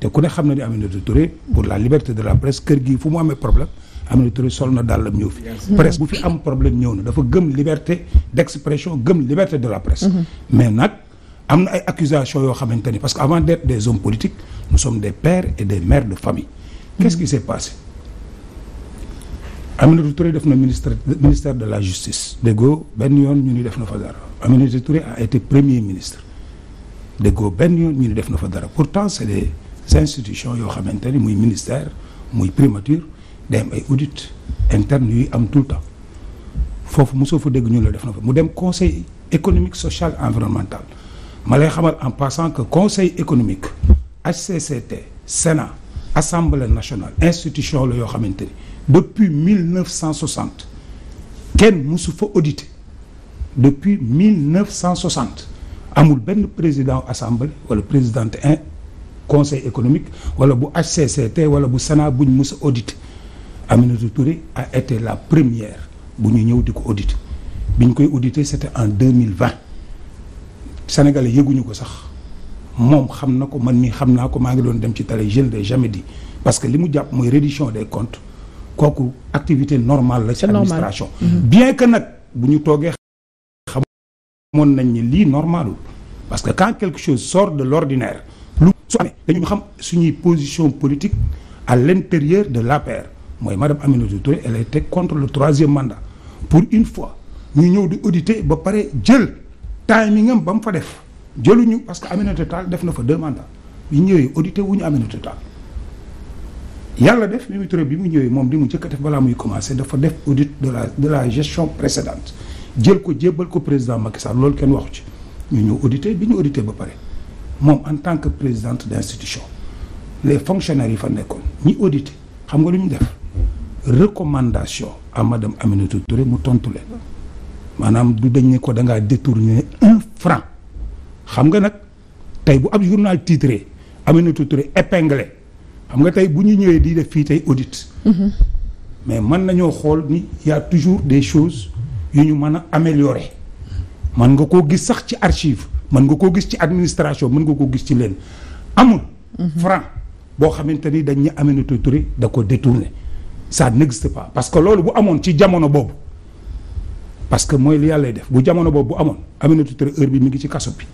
te ku ne xam na ne Aminata Touré pour la liberté de la presse kër gi fu mu amee problème Aminata Touré sol na dàllam ñëw fi presse bu fi am problème ñëw na dafa gëm liberté d'expression gëm liberté de la presse mm-hmm. mais nag am na ay accusations yoo xamante ni parce que avant d'être des hommes politiques nous sommes des pères et de famille mm-hmm. qu'est-ce qui s'est passé Aminata Touré def na ministre ministère de la justice déggoo benn yoon ñu ni def na fa dara Aminata Touré a été premier ministre déggoo benn yoon ñu ni def na fa dara pourtant c'est institution yoo xamante ni muy ministère muy primature day ay audit interne yuy am tout le temps foofu mosoo fa dégg ñu la def na fa mu dem conseil économique social environnemental ma lay xamal en passant que conseil économique HCCT Sénat assemblée national institution la yoo xamante ni depuis 1960 kenn mosu fa audite depuis 1960 amul benn président assemblée wala présidente conseil économique wala bu HCCT wala bu SANA buñ mës a audité Aminata Touré a été la première bu ñu ñëw di ko audité bi ñu koy audité c'était en mille 2020 sénégalais yëguñu ko sax moom xam na ko man nii xam naa ko maa ngi doon dem ci télé je ne l'ai parce que li mu jàpp mooy reddition des comptes kooku activité normale la ci administration mm-hmm. bien que nag bu ñu toogee xamoon nañ ni lii normalul parce que quand quelque chose sort de l'ordinaire su amee dañu xam suñuy position politique à l'intérieur de la l'APR mooy madame Aminata Touré elle teg contre le troisième mandat pour une fois ñu ñëw di auditer ba pare jël timing am ba mu fa def jëluñu parce que Aminata Tall def na fa deux mandats bi ñëwee audité wu ñu Aminata Tall yàlla def Mimi Touré bi mu ñëwee moom di mu njëkk def balaa muy commencer dafa def audit de la de la gestion précédente jël ko jébbal ko président Macky Sall loolu kenn waxu ci ñu ñëw audité bi ñu audité ba pare moom en tant que présidente d' institution les fonctionnaires yi fa nekkoon ñi audité xam nga lu ñu def recommandation à madame Aminata Touré mu tontu leen maanaam du dañ ne ko da ngaa détourner un franc xam nga nag tey bu ab journal titre Aminata Touré épinglé xam nga tey bu ñu ñëwee di def fii tey audit. Mm-hmm. mais man nañoo xool ni y toujours des choses yu ñu mën a améliorer man nga koo gis sax ci archive mën nga koo gis ci administration mën nga koo gis ci leen amul. Mhm. franc boo xamante ni dañ ñu Aminata Touré da ko détourné ça n'existe pas parce que loolu bu amoon ci jamono boobu parce que mooy li yàlla def bu jamono boobu bu amoon Aminata Touré heure bi mi ngi ci kaso bi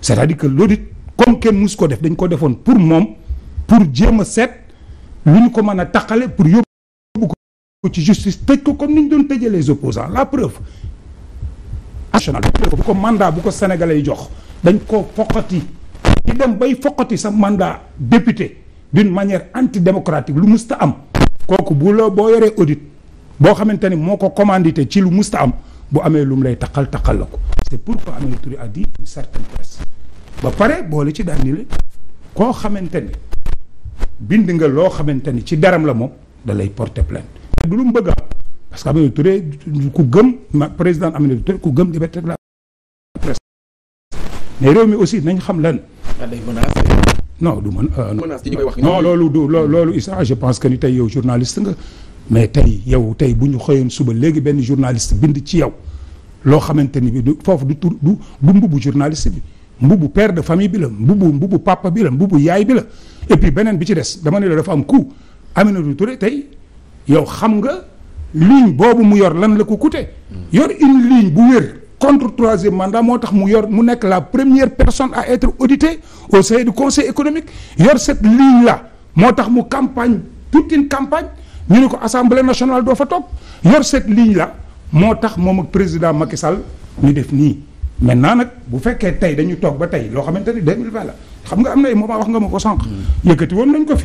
c'est-à-dire que l'audit comme kenn mus ko def dañ ko defoon pour moom pour jéem a seet lu ñu ko mën a taqale pour yóbbu ko ci justice tëj ko comme ni ñu doon tëjee les opposants la preuve national bu ko mandat bu ko sénégalais yi jox dañ ko foqati di dem bay foqati sa mandat député d'une manière antidémocratique lu musta am kooku bu la boo yoree audit boo xamante ni moo ko commandité ci lu musta am bu amee lu mu lay taqal taqal la ko c'est pourquoi Aminata Touré a dit une certaine ba pare boole ci daan ni la koo xamante ni bind nga loo xamante ni ci daram la moom da lay porter du lu mu parce que ku gëm ma président Aminata Touré ku gëm liberté la réew mi aussi nañ xam lan. Ah, no du mën. Euh, menace yi ñu koy wax non loolu du Issa je pense que ni tey yow journaliste nga mais tey yow tey bu ñu xëyoon suba léegi benn journaliste bind ci yow loo xamante ni bi du foofu du tur du du mbubu journaliste bi mbubu père de famille bi la mbubu mbubu papa bi la mbubu yaay bi la et puis beneen bi ci des dama ne la dafa am coup Aminata Touré tey yow xam nga. ligne boobu mu yor lan la ko coûté yor une ligne bu wér contre troisième mandat moo tax mu yor mu nekk la première personne à être auditée au sein du conseil économique yor cette ligne la moo tax mu campagne toute une campagne ñu ne ko assemblée nationale doo fa toog yor cette ligne la moo tax moom ak président Macky Sall ñu def nii maintenant nag bu fekkee tey dañu toog ba tey loo xamante ni 2020 la xam nga am na ay moment wax nga ma ko sànq hmm. yëkkati woon nañ ko fi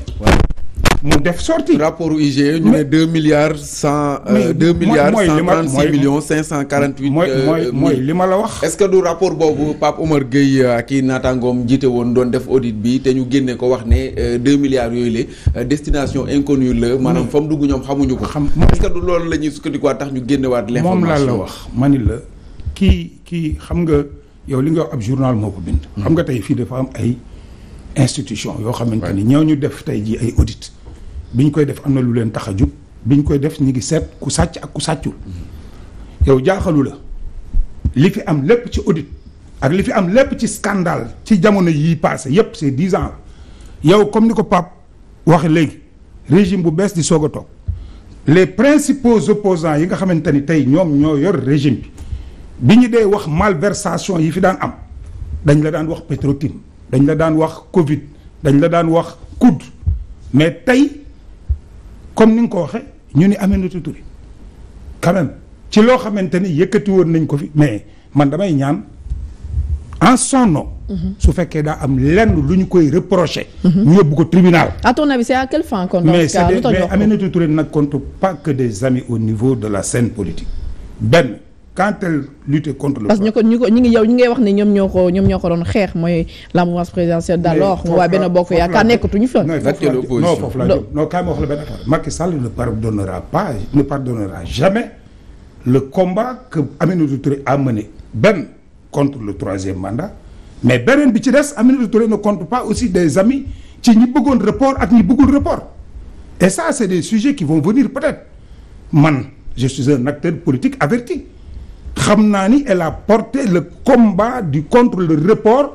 mu def sorti rapport IGE ñu ne deux milliards cent. Euh, deux milliards cent trente six millions cinq cent quarante huit. Euh, mooy mooy mooy li ma la wax. est-ce que du rapport boobu Pape Omar Gueye euh, ak i naataangoom jiite woon doon def audit bi te ñu génne ko wax ne deux milliards yooyu le destination inconnue la. maanaam fa mu dugg ñoom xamuñu ko. xam est-ce que du lool la ñuy sukkandikuwaat tax ñu génnewaat. l'information moom laa la wax ma ni la kii kii xam nga yow li nga wax ab journal moo ko bind. xam nga tey fii dafa am ay institution yoo xamante ni ñoo ñu def tey jii ay audit bi ñu koy def am na lu leen tax a jub bi ñu koy def ñu ngi set ku sàcc ak ku sàccul yow jaaxalu la li fi am lépp ci audit ak li fi am lépp ci scandale ci jamono yii passé yépp c'est dix ans la yow comme ni ko Pape waxe léegi régime bu bees di soog a toog les principaux opposants yi nga xamante ni tey ñoom ñoo yor régime bi bi ñu dee wax malversation yi fi daan am dañ la daan wax petro dañ la daan wax Covid dañ la daan wax COUD mais tey comme ni nga ko waxee ñu ni Aminata Touré quand même ci loo xamante ni yëkkati woon nañ ko fi mais man damay ñaan en son nom. Mhm. su fekkee daa am lenn lu ñu koy reproché. Mhm. ñu yóbbu ko tribunal. à ton avis c'est à quelle fin kon dans ce cas mais Aminata Touré nag compte pas que des amis au niveau de la scène politique benn. quand elle lutte contre parce que ñu ko ñu ngi yow ñi ngay wax ni ñoom ñoo ko ñoom ñoo ko doon xeex mooy la mouvance présidentielle d'alors. waa benn bokk yaakaar nekkatuñu fa. non foofu la non kaay wax la benn affaire. Macky le combat que Aminata Touré a mené benn contre le troisième mandat mais beneen bi ci des Aminata Touré ne compte pas aussi des amis ci ñi bëggoon report ak ñi bëggul report et ça c'est des sujets qui vont venir peut man je suis un acteur politique averti. xam naa ni elle a porté le combat du contre le report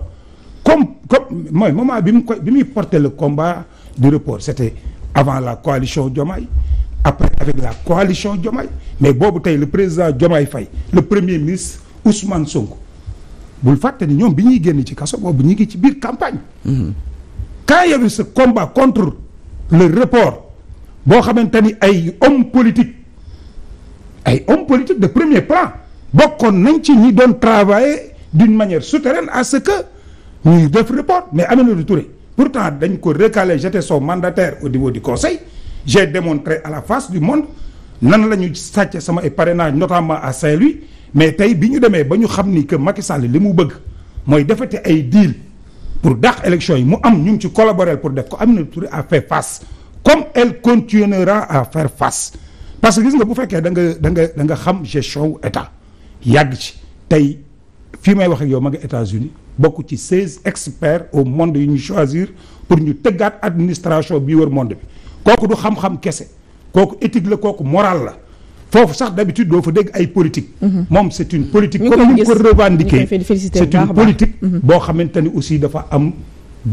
comme comme mooy moment bi mu koy bi muy porté le combat du report c'était avant la coalition Diomaye après avec la coalition Diomaye mais boobu tey le président Diomaye fay le premier ministre Ousmane Sonko bul fàtte ni ñoom bi ñuy génn ci kaso boobu ñu ngi ci biir campagne. Mm-hmm. quand il y combat contre le report boo xamante ni ay hommes politique ay hommes politiques de premier plan. bokkoon nañ ci ñi doon travailler d'une manière souterraine à ce que ñuy def report mais Aminata Touré pourtant dañ ko recalé j'étais son mandataire au niveau di conseil j'ai démontré à la face du monde nan la ñu sàcce sama ay parrainage notamment à Saint-Louis mais tey bi ñu demee ba ñu xam ni que Macky Sall li mu bëgg mooy defate ay deal pour dàq élection yi mu am ñu ngi ci collaborer pour def ko Aminata Touré à fait face comme elle continuera à faire face parce que gis nga bu fekkee da nga da nga da xam gestion état yàgg ci tey fii may wax ak yow ma nga États-Unis bokk ci seize experts au monde yu ñu choisir pour ñu tëggaat administration bi wër monde bi kooku du xam-xam kese kooku éthique la kooku moral la foofu sax d'habitude doo fa dégg ay politique mhm. moom c'est une politique comme ni mu ko revendiquer c'est une politique mhm. boo xamante ni aussi dafa am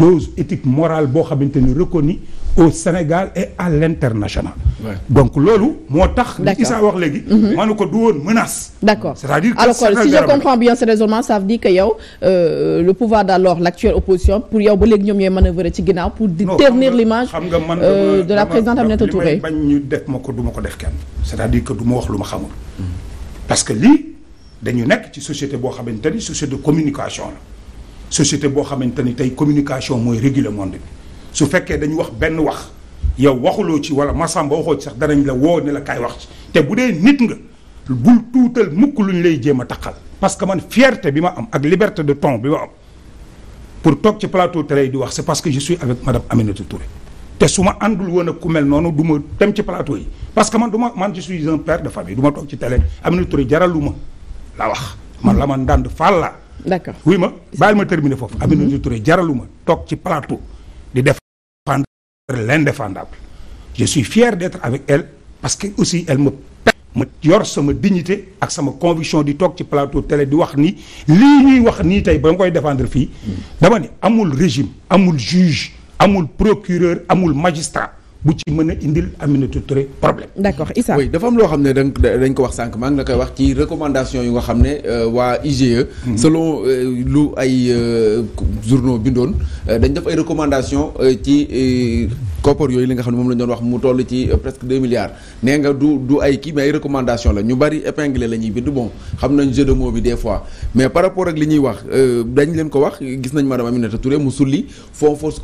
dose éthique morale boo xamante ni reconnue au Sénégal et à l'international. Ouais. donc loolu moo tax. d'accord Issa wax léegi. Mhm. ko du woon menace. d'accord c'est-à-dire que alors si je comprends bien ce raisonnement ça veut que yow euh, le pouvoir d'alors l'actuelle opposition pour yow ba léegi ñoom ñooy manœuvrer ci ginnaaw pour. di ternir l'image euh, de la présidente Aminata Touré. bañ ñu def ma ko du ma ko def kenn. c'est-à-dire que du ma wax lu ma xamul. parce que lii dañu nekk ci société boo xamante ni société de communication la. société boo xamante ni tey communication mooy réguler monde bi su fekkee dañu wax benn wax yow waxuloo ci wala masamba waxoo ci sax danañ la woo ne la kaay wax ci te bu dee nit nga bul tuutal mukk lu ñu lay jéem a taqal parce que man fierté bi ma am ak liberté de ton bi ma am pour toog ci plateau télé di wax c'est parce que je suis avec madame Aminata Touré te su ma àndul woon ak ku noonu du ma dem ci plateau yi parce que man du ma man je suis de famille du ma toog ci télé Aminata Touré jaralu ma la wax man la man dànd fàlla d'accord wii ma bàyyil ma terminer foofu. Aminata Touré jaraluma toog ci plateau di défendre l'indéfendable je suis fier d'être avec elle parce que aussi elle me ma yor sama dignité ak sama conviction di toog ci plateau tele di wax ni lii ñuy wax nii tey ba nga koy defendre fii mm. dama ni amul régime amul juge amul procureur amul magistrat bu ci mën a indil Aminata Touré problème. d'accord Issa. oui dafa am loo xam ne dañ ko wax sànq maa ngi la koy wax ci recommandation yu nga xam ne euh, waa IGE. Mhm. selon euh, lu ay euh, journaux bindoon dañ def ay recommandation ci. koppar yooyu li nga xam ne moom la doon wax mu toll ci presque deux milliards nee nga du du ay kii mais recommandation la ñu bari épinglé la ñuy bind bon xam nañ jeu de mots bi des fois mais par rapport ak li ñuy wax dañ leen ko wax gis nañ madame Aminata Touré mu sulli fonds force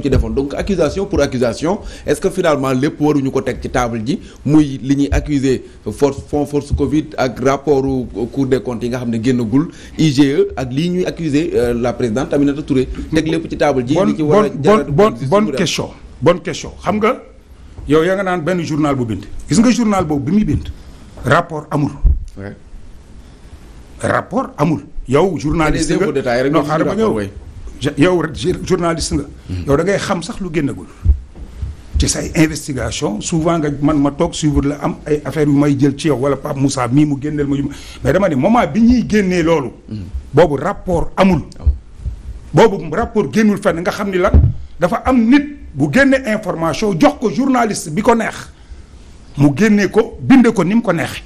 ci defoon donc ak accusation pour accusation est-ce que finalement lépp waruñu ko teg ci table ji muy li ñuy accuser force fond force Covid ak rapport cour des comptes yi nga xam ne génnagul IGE ak lii ñuy accuser euh, la présidente Aminata Touré. teg lépp ci table ji. li ci war a bon bonne question bonne question xam nga yow yaa nga naan benn journal bu bind. gis nga journal boobu bi muy bind rapport amul. rapport amul. yow journaliste nga non xaaral ma ñëw yow rek journaliste nga. Hmm. yow da ngay xam sax lu génnagul. ci say investigation souvent nga man ma toog suivre la am ay affaires yu may jël ci yow wala Pape Moussa mii mu génneel ma mais dama ne moment bi ñuy génnee loolu. Hmm. boobu rapport amul. Ah. boobu rapport génnul fenn nga xam ni lan dafa am nit bu génnee information jox ko journaliste bi ko neex mu génnee ko bindee ko ni mu ko neex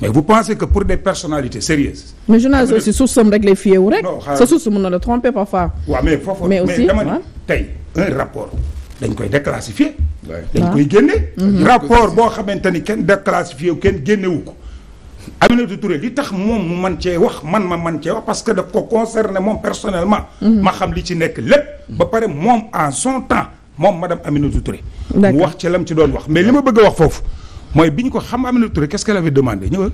mais vous pensez que pour des personnalités sérieuses. mais journaliste aussi source-am rek lay fiyewu rek. sa source mën na la tromper parfois. waaw mais foofu mais aussi dama tey un rapport dañ koy déclassifier. dañ koy génne. Mhm. rapport boo xamante ni kenn déclassifié wu kenn génnewu ko. Aminata Touré li tax moom mu man cee wax man ma man cee wax parce que daf ko concerné moom personnellement. Mhm. ma xam li ci nekk lépp. ba pare moom en son temps moom madame Aminata Touré. mu wax ci lam ci doon wax mais li ma bëgg a wax foofu. mooy bi ñu ko xam Aminata Touré qu'est-ce qu'elle avait demandé ñëwal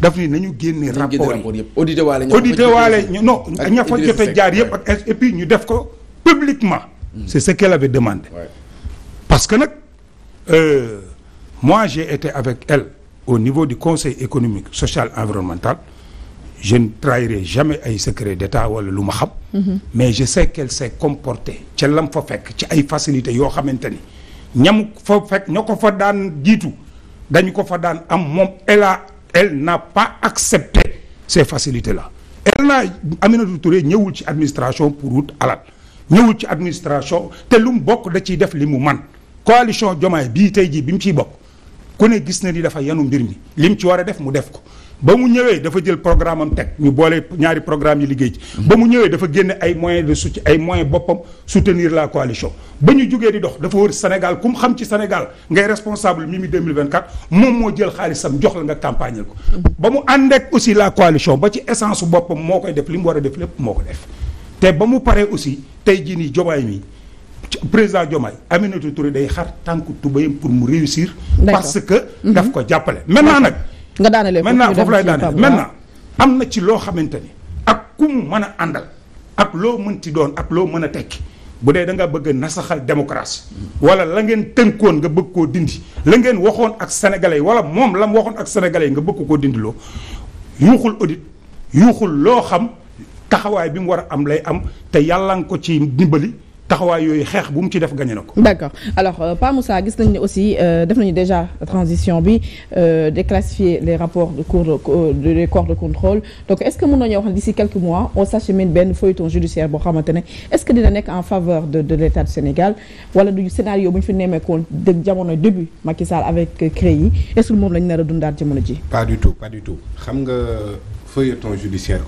daf ni nañu génne rapport yi audité waale ñu non ña fa jote jaar yëpp ak et puis ñu def ko publiquement hmm. c'est ce qu'elle avait demandé parce que nag euh, moi j'ai été avec elle au niveau du conseil économique social environnemental je ne trahirai jamais ay secret d'État wala lu ma xam mhm. mais je sais qu'elle s'est comportée ca lam fa fekk ci ay facilités yoo xamante ni ñam fa fekk ña ko fa daan jiitu dañu ko fa daan am moom elle a elle n'a pas accepté ces facilités la elle n'a Aminata ture ñëwul ci administration pour wut alal ñëwul ci administration te lu mu bokk da ciy def li mu man coalition Diomaye bii tey jii bi mu ciy bokk ku ne gis na ni dafa yanu mbir mi li lim ci war a def mu def ko ba mu ñëwee dafa jël programme am teg ñu boole ñaari programme yi liggéey ci ba mu ñëwee dafa génne ay moyens de soutien ay moyens boppam soutenir la coalition ba ñu jugee di dox dafa wër Sénégal ku mu xam ci Sénégal ngay responsable Mimi 2024 moom moo jël xaalisam jox la nga campagneel ko ba mu àndeek aussi la coalition ba ci essence boppam moo koy def li mu war a def lépp moo ko def te ba mu paree aussi tey jii nii jobaay mi président Diomaye Aminata Touré day xar tànku tubéyam pour mu réussir. parce que mhm. daf ko jàppale. maintenant nag. nga daanale maintenant foofu lay daanale maintenant am na ci loo xamante ni ak ku mu mën a àndal ak loo mën mënti doon ak loo mën a tekki bu dee da nga bëgg a nasaxal démocratie wala la ngeen tënkoon nga bëgg koo dindi la ngeen waxoon ak sénégalais wala moom la mu waxoon ak yi nga bëgg koo dindi loo yuuxul audit yuuxul loo xam taxawaay bi mu war a am lay am te yàlla nga ko ci dimbali. taxawaay yooyu xeex bu mu ci def gagné na ko. d' accord alors euh, gis nañ ne aussi euh, def nañu déjà transition bi euh, déclassifier les rapports de cour euh, de des corps de donc est ce que mën nañoo wax ne d' ici quelques mois on s'achemine benn feuilleton judiciaire ne est ce que dina nekk en faveur de de bu ñu fi nemmeekoon dëgg jamono début Macky Sall avec CREI yi est ce que moom la ñu nar a dundaat jamono ji. pas du tout pas du tout xam nga feuilleton judiciaire.